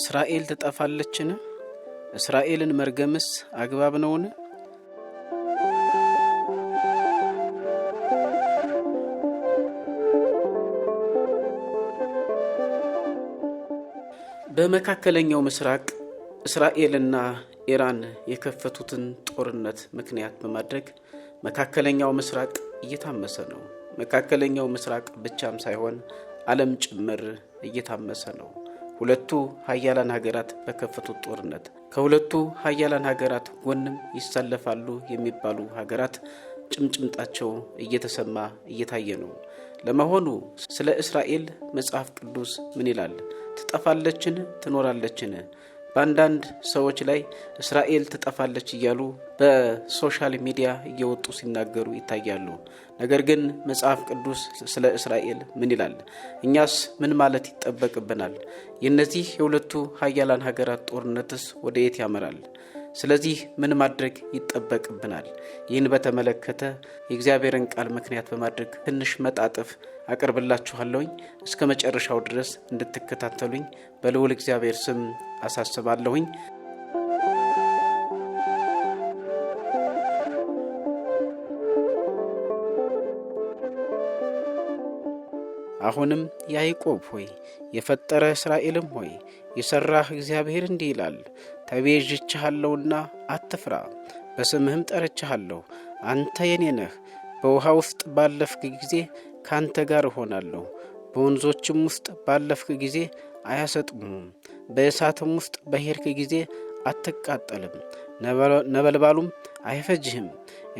እስራኤል ትጠፋለችን? እስራኤልን መርገምስ አግባብ ነውን? በመካከለኛው ምስራቅ እስራኤልና ኢራን የከፈቱትን ጦርነት ምክንያት በማድረግ መካከለኛው ምስራቅ እየታመሰ ነው። መካከለኛው ምስራቅ ብቻም ሳይሆን ዓለም ጭምር እየታመሰ ነው። ሁለቱ ሀያላን ሀገራት በከፈቱት ጦርነት ከሁለቱ ሀያላን ሀገራት ጎንም ይሰለፋሉ የሚባሉ ሀገራት ጭምጭምጣቸው እየተሰማ እየታየ ነው። ለመሆኑ ስለ እስራኤል መጽሐፍ ቅዱስ ምን ይላል? ትጠፋለችን? ትኖራለችን? በአንዳንድ ሰዎች ላይ እስራኤል ትጠፋለች እያሉ በሶሻል ሚዲያ እየወጡ ሲናገሩ ይታያሉ። ነገር ግን መጽሐፍ ቅዱስ ስለ እስራኤል ምን ይላል? እኛስ ምን ማለት ይጠበቅብናል? የእነዚህ የሁለቱ ሀያላን ሀገራት ጦርነትስ ወደ የት ያመራል? ስለዚህ ምን ማድረግ ይጠበቅብናል? ይህን በተመለከተ የእግዚአብሔርን ቃል ምክንያት በማድረግ ትንሽ መጣጥፍ አቀርብላችኋለሁኝ። እስከ መጨረሻው ድረስ እንድትከታተሉኝ በልዑል እግዚአብሔር ስም አሳስባለሁኝ። አሁንም ያዕቆብ ሆይ የፈጠረ እስራኤልም ሆይ የሠራህ እግዚአብሔር እንዲህ ይላል፣ ተቤዥቼሃለሁና አትፍራ፣ በስምህም ጠርቼሃለሁ፣ አንተ የኔ ነህ። በውሃ ውስጥ ባለፍክ ጊዜ ካንተ ጋር እሆናለሁ፣ በወንዞችም ውስጥ ባለፍክ ጊዜ አያሰጥሙም። በእሳትም ውስጥ በሄድክ ጊዜ አትቃጠልም፣ ነበልባሉም አይፈጅህም።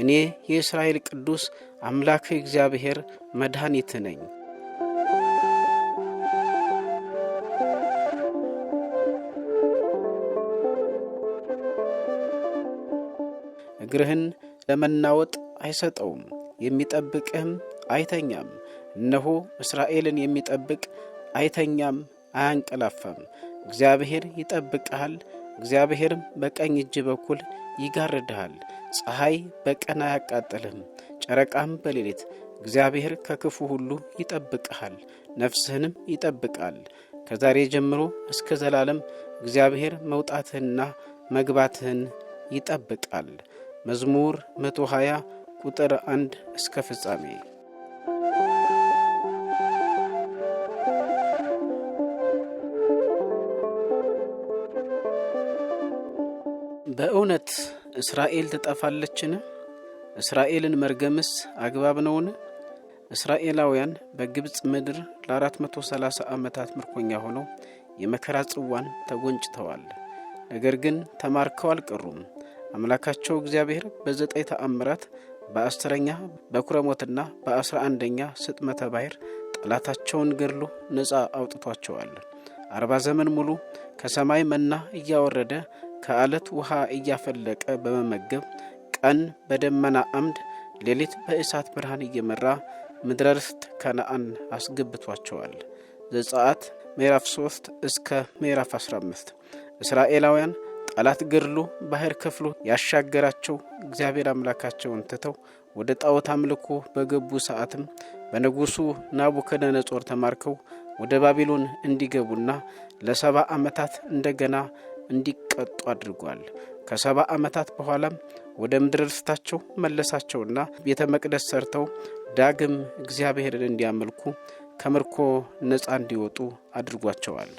እኔ የእስራኤል ቅዱስ አምላክ እግዚአብሔር መድኃኒት ነኝ። እግርህን ለመናወጥ አይሰጠውም፣ የሚጠብቅህም አይተኛም። እነሆ እስራኤልን የሚጠብቅ አይተኛም፣ አያንቀላፋም። እግዚአብሔር ይጠብቅሃል፣ እግዚአብሔርም በቀኝ እጅ በኩል ይጋርድሃል። ፀሐይ በቀን አያቃጥልህም፣ ጨረቃም በሌሊት። እግዚአብሔር ከክፉ ሁሉ ይጠብቅሃል፣ ነፍስህንም ይጠብቃል። ከዛሬ ጀምሮ እስከ ዘላለም እግዚአብሔር መውጣትህና መግባትህን ይጠብቃል። መዝሙር 120 ቁጥር 1 እስከ ፍጻሜ በእውነት እስራኤል ትጠፋለችን? እስራኤልን መርገምስ አግባብ ነውን? እስራኤላውያን በግብፅ ምድር ለ430 ዓመታት ምርኮኛ ሆነው የመከራ ጽዋን ተጎንጭተዋል። ነገር ግን ተማርከው አልቀሩም። አምላካቸው እግዚአብሔር በዘጠኝ ተአምራት በአስረኛ በኩረሞትና በአስራ አንደኛ ስጥመተ ባሕር ጠላታቸውን ገድሎ ነፃ አውጥቷቸዋል። አርባ ዘመን ሙሉ ከሰማይ መና እያወረደ ከዓለት ውሃ እያፈለቀ በመመገብ ቀን በደመና አምድ ሌሊት በእሳት ብርሃን እየመራ ምድረ ርስት ከነአን አስገብቷቸዋል። ዘጸአት ምዕራፍ 3 እስከ ምዕራፍ 15 እስራኤላውያን ጠላት ገድሎ ባህር ከፍሎ ያሻገራቸው እግዚአብሔር አምላካቸውን ትተው ወደ ጣዖት አምልኮ በገቡ ሰዓትም በንጉሡ ናቡከደነጾር ተማርከው ወደ ባቢሎን እንዲገቡና ለሰባ ዓመታት እንደገና እንዲቀጡ አድርጓል። ከሰባ ዓመታት በኋላም ወደ ምድር ርስታቸው መለሳቸውና ቤተ መቅደስ ሰርተው ዳግም እግዚአብሔርን እንዲያመልኩ ከምርኮ ነፃ እንዲወጡ አድርጓቸዋል።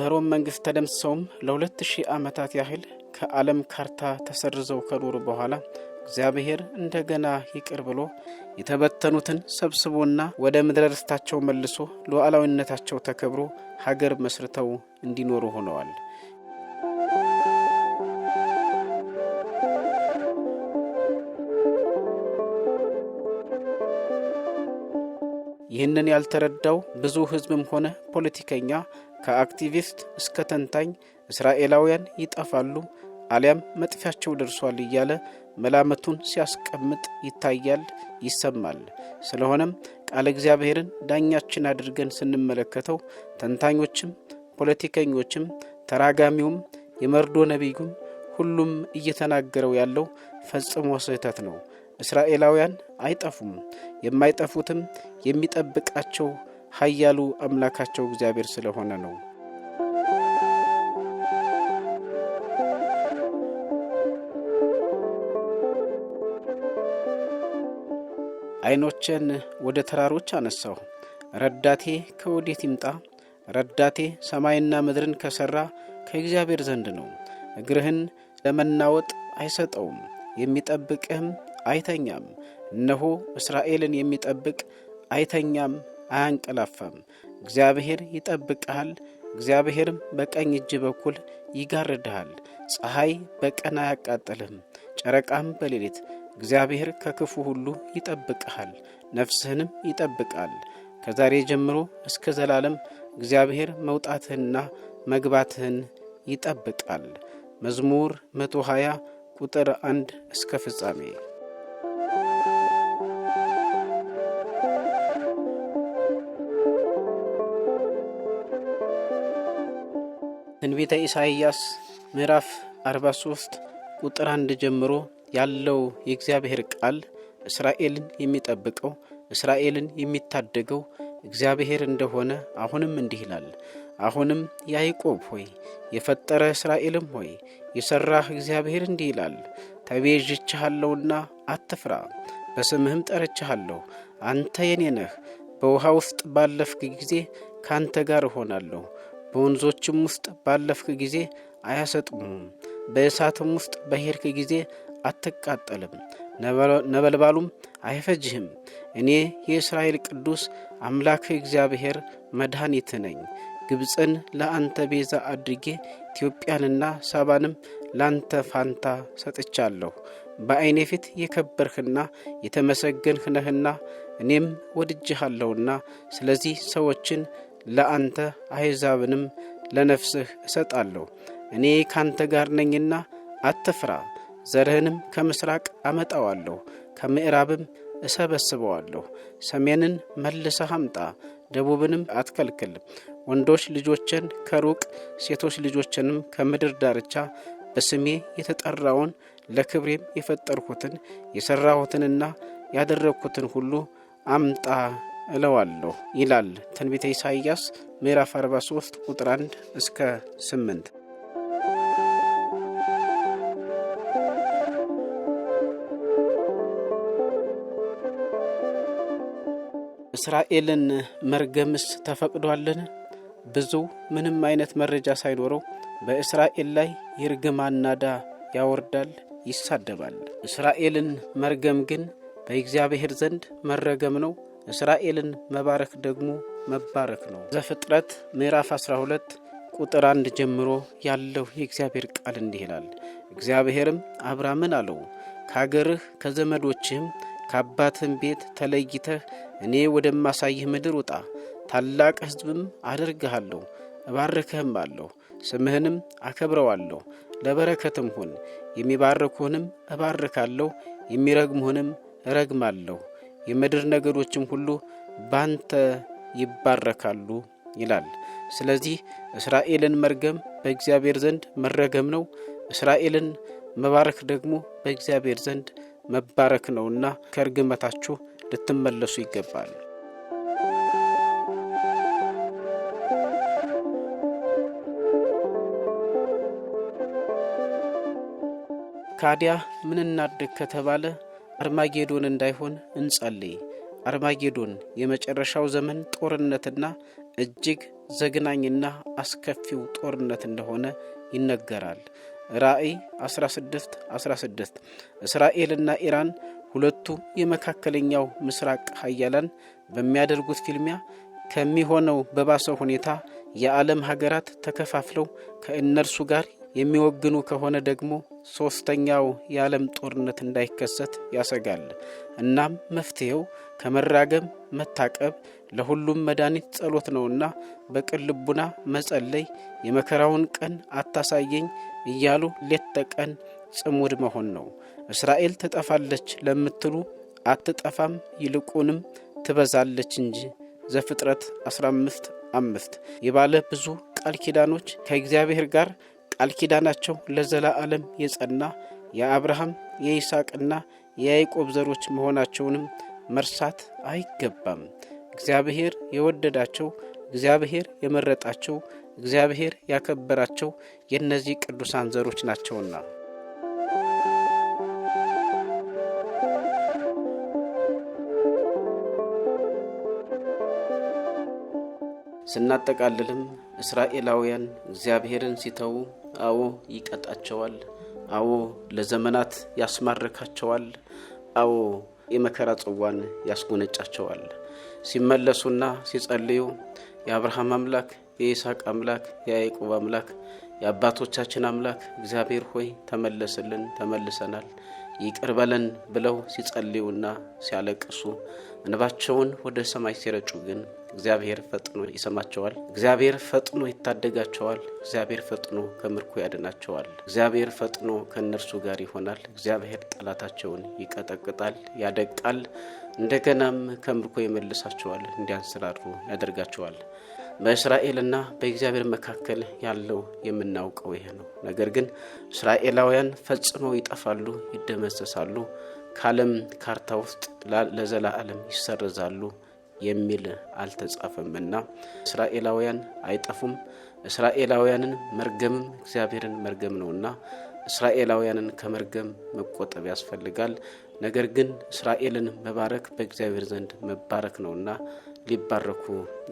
በሮም መንግሥት ተደምሰውም ለሁለት ሺህ ዓመታት ያህል ከዓለም ካርታ ተሰርዘው ከኖሩ በኋላ እግዚአብሔር እንደገና ይቅር ብሎ የተበተኑትን ሰብስቦና ወደ ምድረ ርስታቸው መልሶ ሉዓላዊነታቸው ተከብሮ ሀገር መስርተው እንዲኖሩ ሆነዋል። ይህንን ያልተረዳው ብዙ ሕዝብም ሆነ ፖለቲከኛ ከአክቲቪስት እስከ ተንታኝ እስራኤላውያን ይጠፋሉ አሊያም መጥፊያቸው ደርሷል እያለ መላመቱን ሲያስቀምጥ ይታያል፣ ይሰማል። ስለሆነም ቃለ እግዚአብሔርን ዳኛችን አድርገን ስንመለከተው ተንታኞችም፣ ፖለቲከኞችም፣ ተራጋሚውም፣ የመርዶ ነቢዩም ሁሉም እየተናገረው ያለው ፈጽሞ ስህተት ነው። እስራኤላውያን አይጠፉም፣ የማይጠፉትም የሚጠብቃቸው ኃያሉ አምላካቸው እግዚአብሔር ስለሆነ ነው። ዓይኖቼን ወደ ተራሮች አነሳሁ። ረዳቴ ከወዴት ይምጣ? ረዳቴ ሰማይና ምድርን ከሠራ ከእግዚአብሔር ዘንድ ነው። እግርህን ለመናወጥ አይሰጠውም፣ የሚጠብቅህም አይተኛም። እነሆ እስራኤልን የሚጠብቅ አይተኛም፣ አያንቀላፋም። እግዚአብሔር ይጠብቅሃል፣ እግዚአብሔርም በቀኝ እጅ በኩል ይጋርድሃል። ፀሐይ በቀን አያቃጥልህም፣ ጨረቃም በሌሊት እግዚአብሔር ከክፉ ሁሉ ይጠብቅሃል፣ ነፍስህንም ይጠብቃል። ከዛሬ ጀምሮ እስከ ዘላለም እግዚአብሔር መውጣትህና መግባትህን ይጠብቃል። መዝሙር 120 ቁጥር 1 እስከ ፍጻሜ። ትንቢተ ኢሳይያስ ምዕራፍ 43 ቁጥር 1 ጀምሮ ያለው የእግዚአብሔር ቃል እስራኤልን የሚጠብቀው እስራኤልን የሚታደገው እግዚአብሔር እንደሆነ አሁንም እንዲህ ይላል። አሁንም ያዕቆብ ሆይ የፈጠረ እስራኤልም ሆይ የሠራህ እግዚአብሔር እንዲህ ይላል፣ ተቤዥቼሃለሁና አትፍራ፣ በስምህም ጠርቼሃለሁ። አንተ የኔ ነህ። በውሃ ውስጥ ባለፍክ ጊዜ ካንተ ጋር እሆናለሁ፣ በወንዞችም ውስጥ ባለፍክ ጊዜ አያሰጥሙም፣ በእሳትም ውስጥ በሄድክ ጊዜ አትቃጠልም፣ ነበልባሉም አይፈጅህም። እኔ የእስራኤል ቅዱስ አምላክ እግዚአብሔር መድኃኒት ነኝ። ግብፅን ለአንተ ቤዛ አድርጌ ኢትዮጵያንና ሳባንም ላንተ ፋንታ ሰጥቻለሁ። በዐይኔ ፊት የከበርህና የተመሰገንህ ነህና እኔም ወድጅሃለሁና፣ ስለዚህ ሰዎችን ለአንተ አሕዛብንም ለነፍስህ እሰጣለሁ። እኔ ካንተ ጋር ነኝና አትፍራ። ዘርህንም ከምስራቅ አመጣዋለሁ፣ ከምዕራብም እሰበስበዋለሁ። ሰሜንን መልሰህ አምጣ፣ ደቡብንም አትከልክል። ወንዶች ልጆችን ከሩቅ ሴቶች ልጆችንም ከምድር ዳርቻ በስሜ የተጠራውን ለክብሬም የፈጠርሁትን የሠራሁትንና ያደረግሁትን ሁሉ አምጣ እለዋለሁ ይላል ትንቢተ ኢሳይያስ ምዕራፍ 43 ቁጥር 1 እስከ 8። እስራኤልን መርገምስ ተፈቅዷልን? ብዙ ምንም አይነት መረጃ ሳይኖረው በእስራኤል ላይ የርግማን ናዳ ያወርዳል፣ ይሳደባል። እስራኤልን መርገም ግን በእግዚአብሔር ዘንድ መረገም ነው። እስራኤልን መባረክ ደግሞ መባረክ ነው። ዘፍጥረት ምዕራፍ 12 ቁጥር አንድ ጀምሮ ያለው የእግዚአብሔር ቃል እንዲህ ይላል። እግዚአብሔርም አብራምን አለው፣ ከአገርህ ከዘመዶችህም ከአባትህም ቤት ተለይተህ እኔ ወደማሳይህ ምድር ውጣ፣ ታላቅ ሕዝብም አደርግሃለሁ፣ እባርክህም አለሁ፣ ስምህንም አከብረዋለሁ። ለበረከትም ሁን። የሚባርኩህንም እባርካለሁ፣ የሚረግሙህንም እረግማለሁ። የምድር ነገዶችም ሁሉ ባንተ ይባረካሉ ይላል። ስለዚህ እስራኤልን መርገም በእግዚአብሔር ዘንድ መረገም ነው። እስራኤልን መባረክ ደግሞ በእግዚአብሔር ዘንድ መባረክ ነውና ከእርግመታችሁ ልትመለሱ ይገባል። ካዲያ ምን እናድግ ከተባለ አርማጌዶን እንዳይሆን እንጸልይ። አርማጌዶን የመጨረሻው ዘመን ጦርነትና እጅግ ዘግናኝና አስከፊው ጦርነት እንደሆነ ይነገራል። ራእይ 16 16 እስራኤልና ኢራን ሁለቱ የመካከለኛው ምስራቅ ሀያላን በሚያደርጉት ፊልሚያ ከሚሆነው በባሰ ሁኔታ የዓለም ሀገራት ተከፋፍለው ከእነርሱ ጋር የሚወግኑ ከሆነ ደግሞ ሦስተኛው የዓለም ጦርነት እንዳይከሰት ያሰጋል። እናም መፍትሔው ከመራገም መታቀብ፣ ለሁሉም መድኃኒት ጸሎት ነውና በቅን ልቡና መጸለይ፣ የመከራውን ቀን አታሳየኝ እያሉ ሌት ተቀን ጽሙድ መሆን ነው። እስራኤል ትጠፋለች ለምትሉ አትጠፋም፣ ይልቁንም ትበዛለች እንጂ ዘፍጥረት 15 አምስት የባለ ብዙ ቃል ኪዳኖች ከእግዚአብሔር ጋር ቃል ኪዳናቸው ለዘላለም የጸና የአብርሃም የይስሐቅና የያዕቆብ ዘሮች መሆናቸውንም መርሳት አይገባም። እግዚአብሔር የወደዳቸው፣ እግዚአብሔር የመረጣቸው እግዚአብሔር ያከበራቸው የእነዚህ ቅዱሳን ዘሮች ናቸውና። ስናጠቃልልም እስራኤላውያን እግዚአብሔርን ሲተዉ፣ አዎ ይቀጣቸዋል፣ አዎ ለዘመናት ያስማርካቸዋል፣ አዎ የመከራ ጽዋን ያስጎነጫቸዋል። ሲመለሱና ሲጸልዩ የአብርሃም አምላክ የይስሐቅ አምላክ የያዕቆብ አምላክ የአባቶቻችን አምላክ እግዚአብሔር ሆይ ተመለስልን፣ ተመልሰናል፣ ይቅር በለን ብለው ሲጸልዩና ሲያለቅሱ እንባቸውን ወደ ሰማይ ሲረጩ ግን እግዚአብሔር ፈጥኖ ይሰማቸዋል። እግዚአብሔር ፈጥኖ ይታደጋቸዋል። እግዚአብሔር ፈጥኖ ከምርኮ ያድናቸዋል። እግዚአብሔር ፈጥኖ ከእነርሱ ጋር ይሆናል። እግዚአብሔር ጠላታቸውን ይቀጠቅጣል፣ ያደቃል። እንደገናም ከምርኮ ይመልሳቸዋል፣ እንዲያንሰራሩ ያደርጋቸዋል። በእስራኤልና በእግዚአብሔር መካከል ያለው የምናውቀው ይሄ ነው። ነገር ግን እስራኤላውያን ፈጽሞ ይጠፋሉ፣ ይደመሰሳሉ፣ ከዓለም ካርታ ውስጥ ለዘላለም ይሰረዛሉ የሚል አልተጻፈምና እስራኤላውያን አይጠፉም። እስራኤላውያንን መርገምም እግዚአብሔርን መርገም ነውና እስራኤላውያንን ከመርገም መቆጠብ ያስፈልጋል። ነገር ግን እስራኤልን መባረክ በእግዚአብሔር ዘንድ መባረክ ነውና ሊባረኩ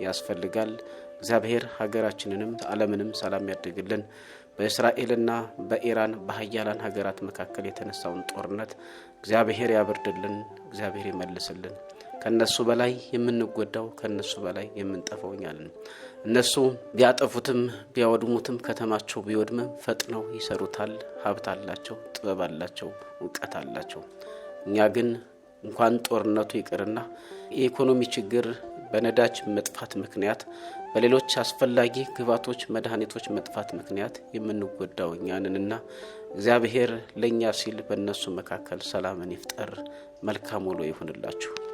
ያስፈልጋል። እግዚአብሔር ሀገራችንንም ዓለምንም ሰላም ያደግልን። በእስራኤልና በኢራን በሀያላን ሀገራት መካከል የተነሳውን ጦርነት እግዚአብሔር ያብርድልን፣ እግዚአብሔር ይመልስልን። ከነሱ በላይ የምንጎዳው ከነሱ በላይ የምንጠፋው እኛ ነን። እነሱ ቢያጠፉትም ቢያወድሙትም ከተማቸው ቢወድምም ፈጥነው ይሰሩታል። ሀብት አላቸው፣ ጥበብ አላቸው፣ እውቀት አላቸው። እኛ ግን እንኳን ጦርነቱ ይቅርና የኢኮኖሚ ችግር በነዳጅ መጥፋት ምክንያት በሌሎች አስፈላጊ ግብዓቶች፣ መድኃኒቶች መጥፋት ምክንያት የምንጎዳው እኛንንና እግዚአብሔር ለእኛ ሲል በእነሱ መካከል ሰላምን ይፍጠር። መልካም ውሎ ይሁንላችሁ።